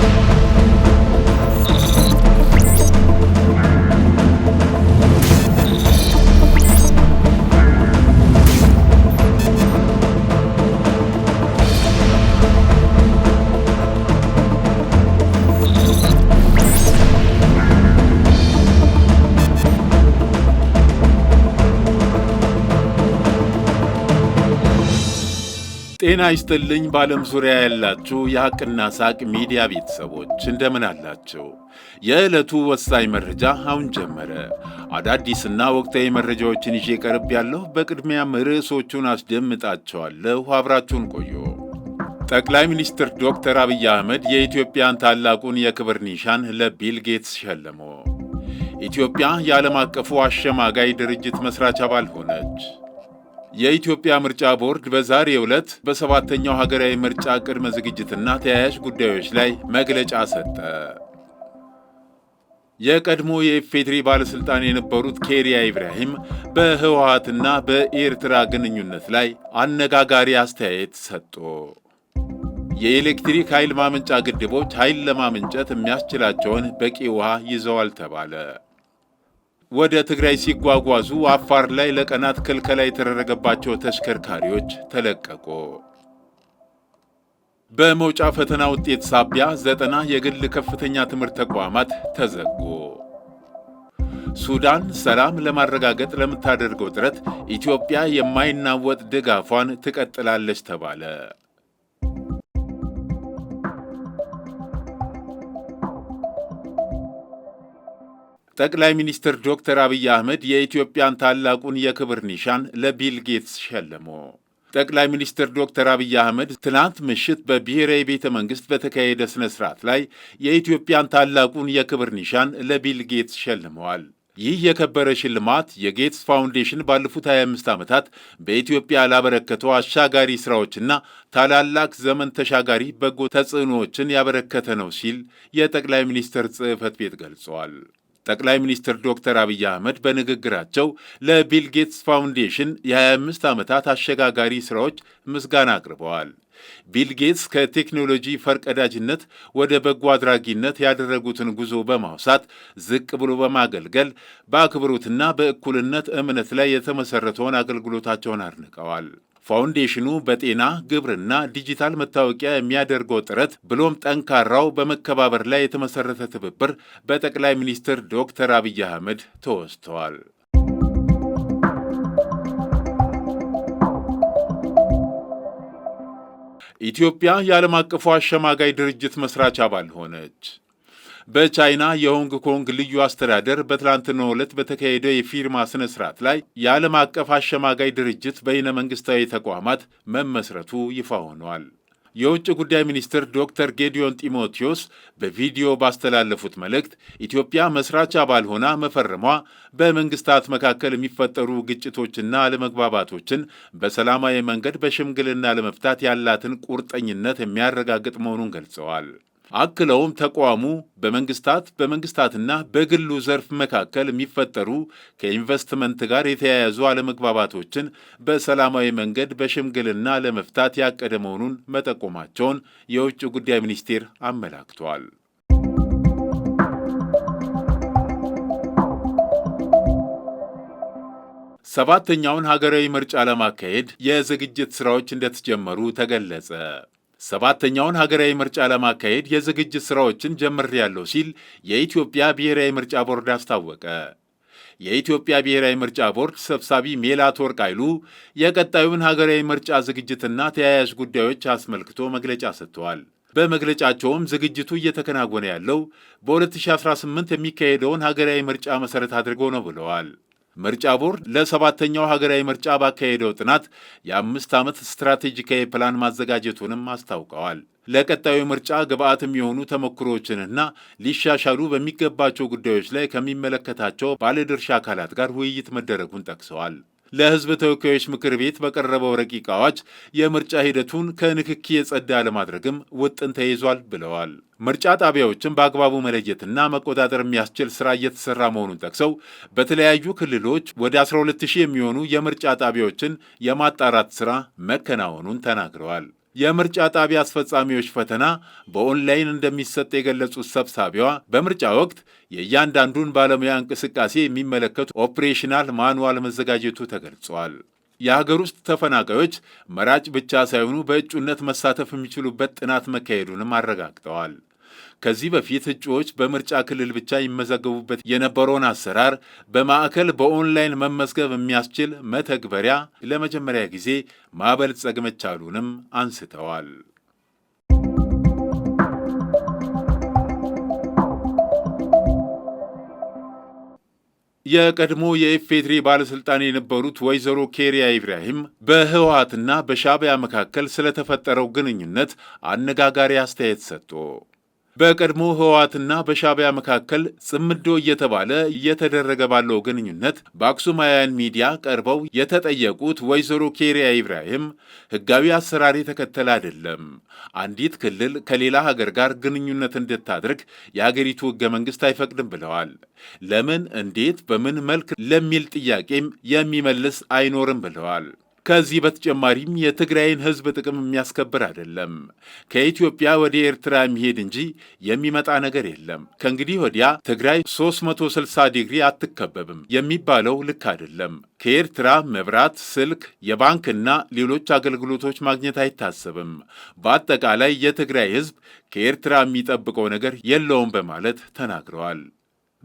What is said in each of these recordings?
Thank you. ጤና ይስጥልኝ በዓለም ዙሪያ ያላችሁ የሐቅና ሳቅ ሚዲያ ቤተሰቦች እንደምን አላችሁ? የዕለቱ ወሳኝ መረጃ አሁን ጀመረ። አዳዲስና ወቅታዊ መረጃዎችን ይዤ ቀርብ ያለሁ። በቅድሚያም ርዕሶቹን አስደምጣቸዋለሁ። አብራችሁን ቆዩ። ጠቅላይ ሚኒስትር ዶክተር አብይ አህመድ የኢትዮጵያን ታላቁን የክብር ኒሻን ለቢል ጌትስ ሸለሙ። ኢትዮጵያ የዓለም አቀፉ አሸማጋይ ድርጅት መሥራች አባል ሆነች። የኢትዮጵያ ምርጫ ቦርድ በዛሬው ዕለት በሰባተኛው ሀገራዊ ምርጫ ቅድመ ዝግጅትና ተያያዥ ጉዳዮች ላይ መግለጫ ሰጠ። የቀድሞ የኢፌድሪ ባለሥልጣን የነበሩት ኬሪያ ኢብራሂም በህወሓትና በኤርትራ ግንኙነት ላይ አነጋጋሪ አስተያየት ሰጡ። የኤሌክትሪክ ኃይል ማመንጫ ግድቦች ኃይል ለማመንጨት የሚያስችላቸውን በቂ ውሃ ይዘዋል ተባለ። ወደ ትግራይ ሲጓጓዙ አፋር ላይ ለቀናት ክልከላ የተደረገባቸው ተሽከርካሪዎች ተለቀቁ። በመውጫ ፈተና ውጤት ሳቢያ ዘጠና የግል ከፍተኛ ትምህርት ተቋማት ተዘጉ። ሱዳን ሰላም ለማረጋገጥ ለምታደርገው ጥረት ኢትዮጵያ የማይናወጥ ድጋፏን ትቀጥላለች ተባለ። ጠቅላይ ሚኒስትር ዶክተር አብይ አህመድ የኢትዮጵያን ታላቁን የክብር ኒሻን ለቢል ጌትስ ሸለሙ። ጠቅላይ ሚኒስትር ዶክተር አብይ አህመድ ትናንት ምሽት በብሔራዊ ቤተ መንግሥት በተካሄደ ሥነ ሥርዓት ላይ የኢትዮጵያን ታላቁን የክብር ኒሻን ለቢል ጌትስ ሸልመዋል። ይህ የከበረ ሽልማት የጌትስ ፋውንዴሽን ባለፉት 25 ዓመታት በኢትዮጵያ ላበረከተው አሻጋሪ ሥራዎችና ታላላቅ ዘመን ተሻጋሪ በጎ ተጽዕኖዎችን ያበረከተ ነው ሲል የጠቅላይ ሚኒስትር ጽሕፈት ቤት ገልጸዋል። ጠቅላይ ሚኒስትር ዶክተር አብይ አህመድ በንግግራቸው ለቢል ጌትስ ፋውንዴሽን የ25 ዓመታት አሸጋጋሪ ሥራዎች ምስጋና አቅርበዋል። ቢል ጌትስ ከቴክኖሎጂ ፈርቀዳጅነት ወደ በጎ አድራጊነት ያደረጉትን ጉዞ በማውሳት ዝቅ ብሎ በማገልገል በአክብሮትና በእኩልነት እምነት ላይ የተመሠረተውን አገልግሎታቸውን አድንቀዋል። ፋውንዴሽኑ በጤና ግብርና፣ ዲጂታል መታወቂያ የሚያደርገው ጥረት ብሎም ጠንካራው በመከባበር ላይ የተመሰረተ ትብብር በጠቅላይ ሚኒስትር ዶክተር አብይ አህመድ ተወስተዋል። ኢትዮጵያ የዓለም አቀፉ አሸማጋይ ድርጅት መስራች አባል ሆነች። በቻይና የሆንግ ኮንግ ልዩ አስተዳደር በትላንትናው ዕለት በተካሄደ የፊርማ ስነ ስርዓት ላይ የዓለም አቀፍ አሸማጋይ ድርጅት በይነ መንግስታዊ ተቋማት መመስረቱ ይፋ ሆኗል። የውጭ ጉዳይ ሚኒስትር ዶክተር ጌዲዮን ጢሞቴዎስ በቪዲዮ ባስተላለፉት መልእክት ኢትዮጵያ መስራች አባል ሆና መፈረሟ በመንግስታት መካከል የሚፈጠሩ ግጭቶችና አለመግባባቶችን በሰላማዊ መንገድ በሽምግልና ለመፍታት ያላትን ቁርጠኝነት የሚያረጋግጥ መሆኑን ገልጸዋል። አክለውም ተቋሙ በመንግስታት በመንግስታትና በግሉ ዘርፍ መካከል የሚፈጠሩ ከኢንቨስትመንት ጋር የተያያዙ አለመግባባቶችን በሰላማዊ መንገድ በሽምግልና ለመፍታት ያቀደ መሆኑን መጠቆማቸውን የውጭ ጉዳይ ሚኒስቴር አመላክቷል። ሰባተኛውን ሀገራዊ ምርጫ ለማካሄድ የዝግጅት ስራዎች እንደተጀመሩ ተገለጸ። ሰባተኛውን ሀገራዊ ምርጫ ለማካሄድ የዝግጅት ሥራዎችን ጀምሬያለሁ ሲል የኢትዮጵያ ብሔራዊ ምርጫ ቦርድ አስታወቀ። የኢትዮጵያ ብሔራዊ ምርጫ ቦርድ ሰብሳቢ ሜላትወርቅ ኃይሉ የቀጣዩን ሀገራዊ ምርጫ ዝግጅትና ተያያዥ ጉዳዮች አስመልክቶ መግለጫ ሰጥተዋል። በመግለጫቸውም ዝግጅቱ እየተከናወነ ያለው በ2018 የሚካሄደውን ሀገራዊ ምርጫ መሠረት አድርጎ ነው ብለዋል። ምርጫ ቦርድ ለሰባተኛው ሀገራዊ ምርጫ ባካሄደው ጥናት የአምስት ዓመት ስትራቴጂካዊ ፕላን ማዘጋጀቱንም አስታውቀዋል። ለቀጣዩ ምርጫ ግብአትም የሆኑ ተሞክሮዎችንና ሊሻሻሉ በሚገባቸው ጉዳዮች ላይ ከሚመለከታቸው ባለድርሻ አካላት ጋር ውይይት መደረጉን ጠቅሰዋል። ለህዝብ ተወካዮች ምክር ቤት በቀረበው ረቂቅ አዋጅ የምርጫ ሂደቱን ከንክኪ የጸዳ ለማድረግም ውጥን ተይዟል ብለዋል። ምርጫ ጣቢያዎችን በአግባቡ መለየትና መቆጣጠር የሚያስችል ስራ እየተሰራ መሆኑን ጠቅሰው በተለያዩ ክልሎች ወደ 120 የሚሆኑ የምርጫ ጣቢያዎችን የማጣራት ስራ መከናወኑን ተናግረዋል። የምርጫ ጣቢያ አስፈጻሚዎች ፈተና በኦንላይን እንደሚሰጥ የገለጹት ሰብሳቢዋ በምርጫ ወቅት የእያንዳንዱን ባለሙያ እንቅስቃሴ የሚመለከቱ ኦፕሬሽናል ማኑዋል መዘጋጀቱ ተገልጿል። የሀገር ውስጥ ተፈናቃዮች መራጭ ብቻ ሳይሆኑ በእጩነት መሳተፍ የሚችሉበት ጥናት መካሄዱንም አረጋግጠዋል። ከዚህ በፊት እጩዎች በምርጫ ክልል ብቻ ይመዘገቡበት የነበረውን አሰራር በማዕከል በኦንላይን መመዝገብ የሚያስችል መተግበሪያ ለመጀመሪያ ጊዜ ማበልጸግ መቻሉንም አንስተዋል። የቀድሞ የኢፌድሪ ባለሥልጣን የነበሩት ወይዘሮ ኬሪያ ኢብራሂም በህወሓትና በሻቢያ መካከል ስለተፈጠረው ግንኙነት አነጋጋሪ አስተያየት ሰጡ። በቀድሞ ህወሓትና በሻቢያ መካከል ጽምዶ እየተባለ እየተደረገ ባለው ግንኙነት አያን ሚዲያ ቀርበው የተጠየቁት ወይዘሮ ኬሪያ ኢብራሂም ህጋዊ አሰራር የተከተለ አይደለም፣ አንዲት ክልል ከሌላ ሀገር ጋር ግንኙነት እንድታደርግ የአገሪቱ ህገ መንግስት አይፈቅድም ብለዋል። ለምን፣ እንዴት፣ በምን መልክ ለሚል ጥያቄም የሚመልስ አይኖርም ብለዋል። ከዚህ በተጨማሪም የትግራይን ህዝብ ጥቅም የሚያስከብር አይደለም። ከኢትዮጵያ ወደ ኤርትራ የሚሄድ እንጂ የሚመጣ ነገር የለም። ከእንግዲህ ወዲያ ትግራይ 360 ዲግሪ አትከበብም የሚባለው ልክ አይደለም። ከኤርትራ መብራት፣ ስልክ፣ የባንክና ሌሎች አገልግሎቶች ማግኘት አይታሰብም። በአጠቃላይ የትግራይ ህዝብ ከኤርትራ የሚጠብቀው ነገር የለውም በማለት ተናግረዋል።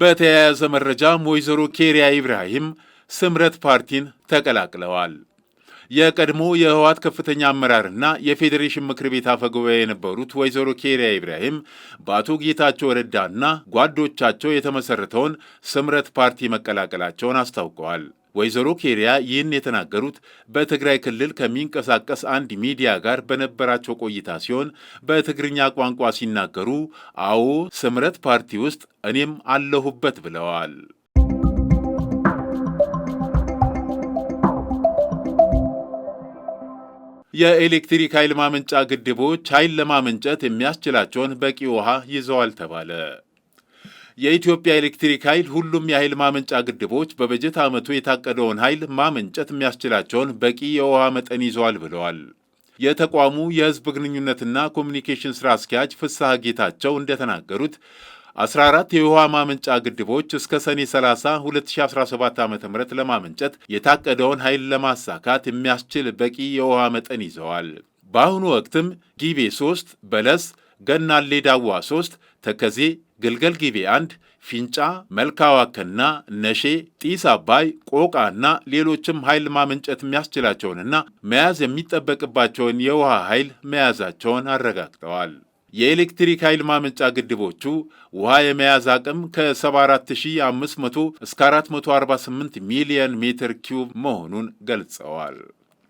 በተያያዘ መረጃም ወይዘሮ ኬሪያ ኢብራሂም ስምረት ፓርቲን ተቀላቅለዋል። የቀድሞ የህወሓት ከፍተኛ አመራርና የፌዴሬሽን ምክር ቤት አፈ ጉባኤ የነበሩት ወይዘሮ ኬሪያ ኢብራሂም በአቶ ጌታቸው ረዳና ጓዶቻቸው የተመሰረተውን ስምረት ፓርቲ መቀላቀላቸውን አስታውቀዋል። ወይዘሮ ኬሪያ ይህን የተናገሩት በትግራይ ክልል ከሚንቀሳቀስ አንድ ሚዲያ ጋር በነበራቸው ቆይታ ሲሆን በትግርኛ ቋንቋ ሲናገሩ አዎ ስምረት ፓርቲ ውስጥ እኔም አለሁበት ብለዋል። የኤሌክትሪክ ኃይል ማመንጫ ግድቦች ኃይል ለማመንጨት የሚያስችላቸውን በቂ ውሃ ይዘዋል ተባለ። የኢትዮጵያ ኤሌክትሪክ ኃይል ሁሉም የኃይል ማመንጫ ግድቦች በበጀት ዓመቱ የታቀደውን ኃይል ማመንጨት የሚያስችላቸውን በቂ የውሃ መጠን ይዘዋል ብለዋል። የተቋሙ የሕዝብ ግንኙነትና ኮሚኒኬሽን ሥራ አስኪያጅ ፍስሐ ጌታቸው እንደተናገሩት 14 የውሃ ማመንጫ ግድቦች እስከ ሰኔ 30 2017 ዓ ም ለማመንጨት የታቀደውን ኃይል ለማሳካት የሚያስችል በቂ የውሃ መጠን ይዘዋል። በአሁኑ ወቅትም ጊቤ 3፣ በለስ፣ ገናሌ ዳዋ 3፣ ተከዜ፣ ግልገል ጊቤ 1፣ ፊንጫ፣ መልካዋከና ነሼ፣ ጢስ አባይ፣ ቆቃና ሌሎችም ኃይል ማመንጨት የሚያስችላቸውንና መያዝ የሚጠበቅባቸውን የውሃ ኃይል መያዛቸውን አረጋግጠዋል። የኤሌክትሪክ ኃይል ማመንጫ ግድቦቹ ውሃ የመያዝ አቅም ከ74500 እስከ 448 ሚሊዮን ሜትር ኪዩብ መሆኑን ገልጸዋል።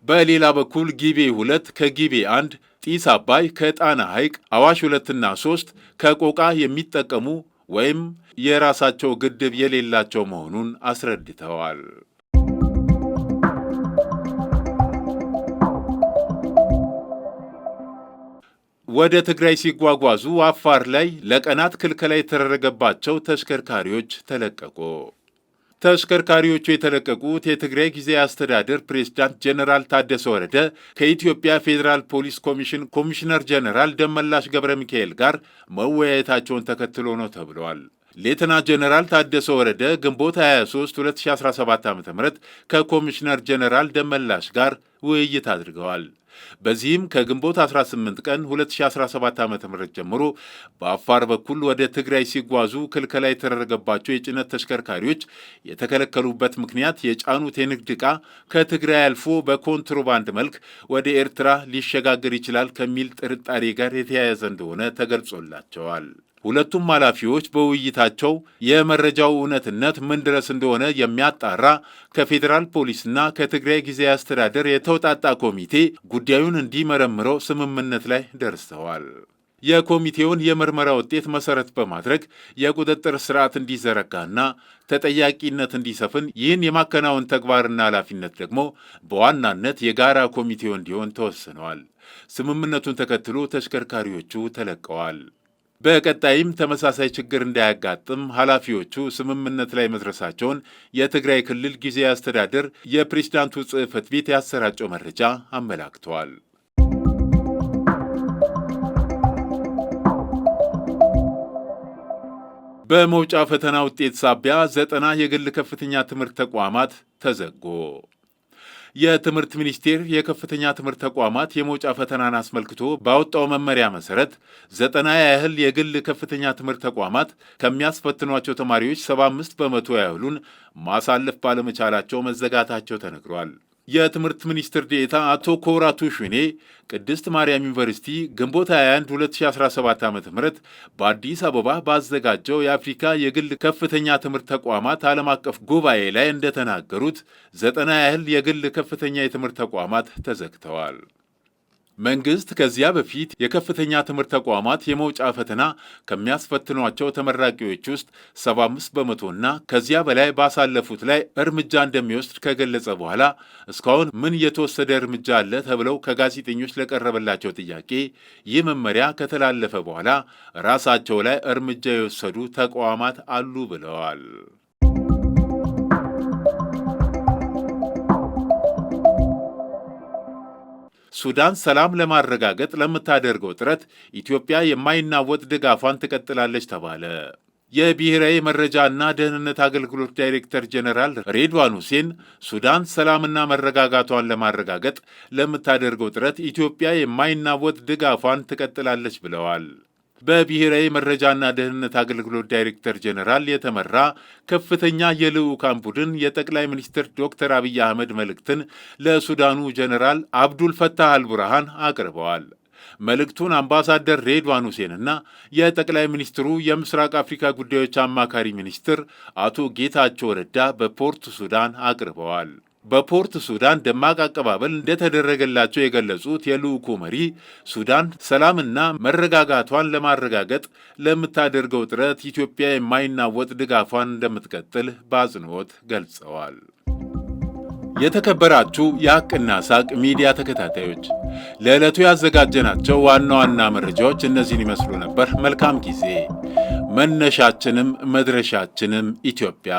በሌላ በኩል ጊቤ 2 ከጊቤ አንድ ጢስ አባይ ከጣና ሐይቅ አዋሽ ሁለትና ሦስት ከቆቃ የሚጠቀሙ ወይም የራሳቸው ግድብ የሌላቸው መሆኑን አስረድተዋል። ወደ ትግራይ ሲጓጓዙ አፋር ላይ ለቀናት ክልከላ የተደረገባቸው ተሽከርካሪዎች ተለቀቁ። ተሽከርካሪዎቹ የተለቀቁት የትግራይ ጊዜ አስተዳደር ፕሬዝዳንት ጀኔራል ታደሰ ወረደ ከኢትዮጵያ ፌዴራል ፖሊስ ኮሚሽን ኮሚሽነር ጀነራል ደመላሽ ገብረ ሚካኤል ጋር መወያየታቸውን ተከትሎ ነው ተብለዋል። ሌተና ጀነራል ታደሰ ወረደ ግንቦት 23 2017 ዓ ም ከኮሚሽነር ጀነራል ደመላሽ ጋር ውይይት አድርገዋል። በዚህም ከግንቦት 18 ቀን 2017 ዓ ም ጀምሮ በአፋር በኩል ወደ ትግራይ ሲጓዙ ክልከላ የተደረገባቸው የጭነት ተሽከርካሪዎች የተከለከሉበት ምክንያት የጫኑት የንግድ ዕቃ ከትግራይ አልፎ በኮንትሮባንድ መልክ ወደ ኤርትራ ሊሸጋገር ይችላል ከሚል ጥርጣሬ ጋር የተያያዘ እንደሆነ ተገልጾላቸዋል። ሁለቱም ኃላፊዎች በውይይታቸው የመረጃው እውነትነት ምን ድረስ እንደሆነ የሚያጣራ ከፌዴራል ፖሊስና ከትግራይ ጊዜ አስተዳደር የተውጣጣ ኮሚቴ ጉዳዩን እንዲመረምረው ስምምነት ላይ ደርሰዋል። የኮሚቴውን የምርመራ ውጤት መሰረት በማድረግ የቁጥጥር ስርዓት እንዲዘረጋና ተጠያቂነት እንዲሰፍን ይህን የማከናወን ተግባርና ኃላፊነት ደግሞ በዋናነት የጋራ ኮሚቴው እንዲሆን ተወስነዋል። ስምምነቱን ተከትሎ ተሽከርካሪዎቹ ተለቀዋል። በቀጣይም ተመሳሳይ ችግር እንዳያጋጥም ኃላፊዎቹ ስምምነት ላይ መድረሳቸውን የትግራይ ክልል ጊዜያዊ አስተዳደር የፕሬዝዳንቱ ጽህፈት ቤት ያሰራጨው መረጃ አመላክተዋል። በመውጫ ፈተና ውጤት ሳቢያ ዘጠና የግል ከፍተኛ ትምህርት ተቋማት ተዘጎ የትምህርት ሚኒስቴር የከፍተኛ ትምህርት ተቋማት የመውጫ ፈተናን አስመልክቶ ባወጣው መመሪያ መሰረት ዘጠና ያህል የግል ከፍተኛ ትምህርት ተቋማት ከሚያስፈትኗቸው ተማሪዎች 75 በመቶ ያህሉን ማሳለፍ ባለመቻላቸው መዘጋታቸው ተነግሯል። የትምህርት ሚኒስትር ዴታ አቶ ኮራቱ ሽኔ ቅድስት ማርያም ዩኒቨርሲቲ ግንቦት 21 2017 ዓ ም በአዲስ አበባ ባዘጋጀው የአፍሪካ የግል ከፍተኛ ትምህርት ተቋማት ዓለም አቀፍ ጉባኤ ላይ እንደተናገሩት ዘጠና ያህል የግል ከፍተኛ የትምህርት ተቋማት ተዘግተዋል። መንግስት ከዚያ በፊት የከፍተኛ ትምህርት ተቋማት የመውጫ ፈተና ከሚያስፈትኗቸው ተመራቂዎች ውስጥ 75 በመቶና ከዚያ በላይ ባሳለፉት ላይ እርምጃ እንደሚወስድ ከገለጸ በኋላ እስካሁን ምን የተወሰደ እርምጃ አለ ተብለው ከጋዜጠኞች ለቀረበላቸው ጥያቄ ይህ መመሪያ ከተላለፈ በኋላ ራሳቸው ላይ እርምጃ የወሰዱ ተቋማት አሉ ብለዋል። ሱዳን ሰላም ለማረጋገጥ ለምታደርገው ጥረት ኢትዮጵያ የማይናወጥ ድጋፏን ትቀጥላለች ተባለ። የብሔራዊ መረጃና ደህንነት አገልግሎት ዳይሬክተር ጀነራል ሬድዋን ሁሴን ሱዳን ሰላምና መረጋጋቷን ለማረጋገጥ ለምታደርገው ጥረት ኢትዮጵያ የማይናወጥ ድጋፏን ትቀጥላለች ብለዋል። በብሔራዊ መረጃና ደህንነት አገልግሎት ዳይሬክተር ጀኔራል የተመራ ከፍተኛ የልዑካን ቡድን የጠቅላይ ሚኒስትር ዶክተር አብይ አህመድ መልእክትን ለሱዳኑ ጀኔራል አብዱል ፈታህ አልቡርሃን አቅርበዋል። መልእክቱን አምባሳደር ሬድዋን ሁሴንና የጠቅላይ ሚኒስትሩ የምስራቅ አፍሪካ ጉዳዮች አማካሪ ሚኒስትር አቶ ጌታቸው ረዳ በፖርት ሱዳን አቅርበዋል። በፖርት ሱዳን ደማቅ አቀባበል እንደተደረገላቸው የገለጹት የልዑኩ መሪ ሱዳን ሰላምና መረጋጋቷን ለማረጋገጥ ለምታደርገው ጥረት ኢትዮጵያ የማይናወጥ ድጋፏን እንደምትቀጥል በአጽንኦት ገልጸዋል። የተከበራችሁ የሐቅና ሳቅ ሚዲያ ተከታታዮች ለዕለቱ ያዘጋጀናቸው ዋና ዋና መረጃዎች እነዚህን ይመስሉ ነበር። መልካም ጊዜ። መነሻችንም መድረሻችንም ኢትዮጵያ።